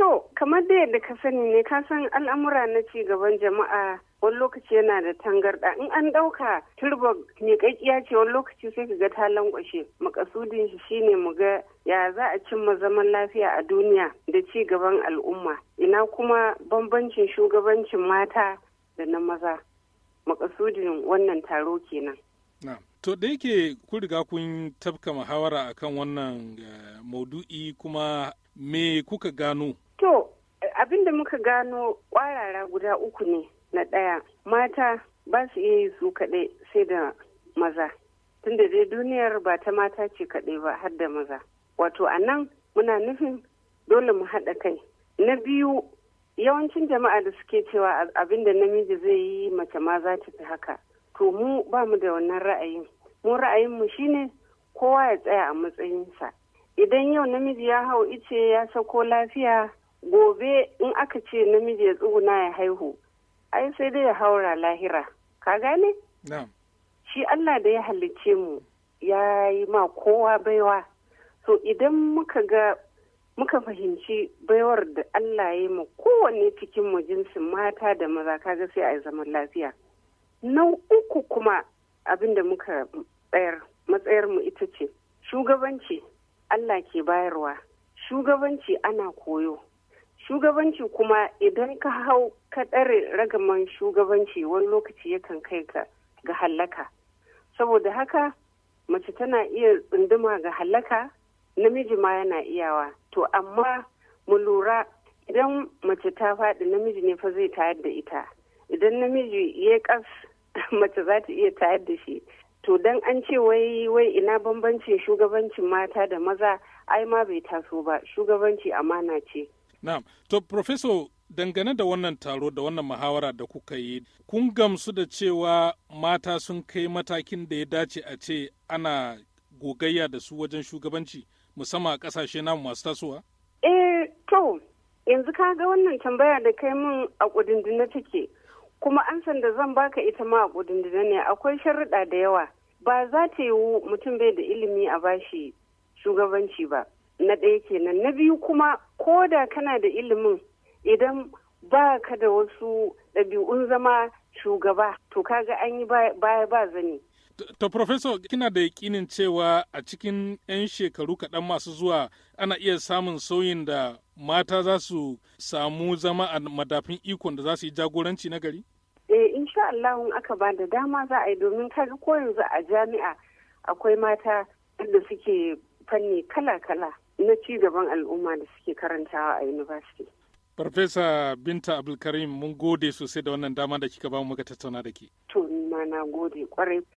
To, kamar da yadda ka sani ne, ka san al'amura na ci gaban jama'a wani lokaci yana da tangarɗa. In an ɗauka ne miƙaƙƙiya ce wani lokaci sai ka ga ta lankwashe. Makasudin shi shine mu ga ya za a cimma zaman lafiya a duniya da ci gaban al'umma. Ina kuma bambancin shugabancin mata da na maza. Makasudin wannan taro kenan. To da yake kun riga kun tafka muhawara akan wannan eh, maudu'i kuma me kuka gano To, abin da muka gano kwarara guda uku ne na ɗaya mata ba su iya yi su kaɗai sai da maza. Tunda dai duniyar ba ta mata ce kaɗai ba har da maza. Wato a nan muna nufin dole mu haɗa kai. Na biyu yawancin jama'a da suke cewa abin da namiji zai yi mace ma za ta fi haka. To mu ba mu da wannan ra'ayin. Mu ra'ayinmu shine kowa ya tsaya a matsayinsa. Idan yau namiji ya hau ice ya sako lafiya gobe in aka ce namiji ya tsuguna ya haihu ai sai dai ya haura lahira ka gane shi allah da ya halicce mu ya yi ma kowa baiwa so idan muka ga muka fahimci baiwar da allah ya yi ma kowanne cikin mu jinsin mata da maza kaga sai a yi zaman lafiya na uku kuma abin da muka tsayar matsayar mu ita ce shugabanci allah ke bayarwa shugabanci ana koyo shugabanci kuma idan ka hau ka ɗare ragaman shugabanci wani lokaci yakan kai ka ga hallaka saboda haka mace tana iya tsunduma ga hallaka namiji ma yana iyawa to amma mu lura idan mace ta faɗi namiji ne fa zai tayar da ita idan namiji ya kas mace za ta iya tayar da shi to dan an ce wai wai ina bambancin shugabancin mata da maza ai ma bai taso ba shugabanci amana ce Na'am, to Profeso, dangane da wannan taro da wannan muhawara da kuka yi, kun gamsu da cewa mata sun kai matakin da ya dace a ce ana gogayya da su wajen shugabanci musamman a ƙasashe namu masu tasowa? Eh, to, yanzu ka ga wannan tambaya da kai min a kudindina take, kuma ansan da zan baka ita ma a kudindina ne akwai sharuɗa da yawa. Ba za ta yiwu mutum bai da ilimi a bashi shugabanci ba, na ɗaya kenan. Na biyu kuma ko da kana da ilimin idan ba ka da wasu ɗabi'un zama shugaba to kaga an yi baya ba zane. To Professor kina da yakinin cewa a cikin 'yan shekaru kaɗan masu zuwa ana iya samun sauyin da mata za su samu zama a madafin ikon da za su yi jagoranci na gari? Eh insha Allah aka ba da dama za a yi domin kaga ko yanzu a jami'a akwai mata da suke fanni kala-kala. na ci gaban al'umma da suke karantawa a university. Farfesa Binta Abdulkarim mun gode sosai da wannan dama da kika ba mu muka tattauna da ke. To, ni ma na gode kwarai.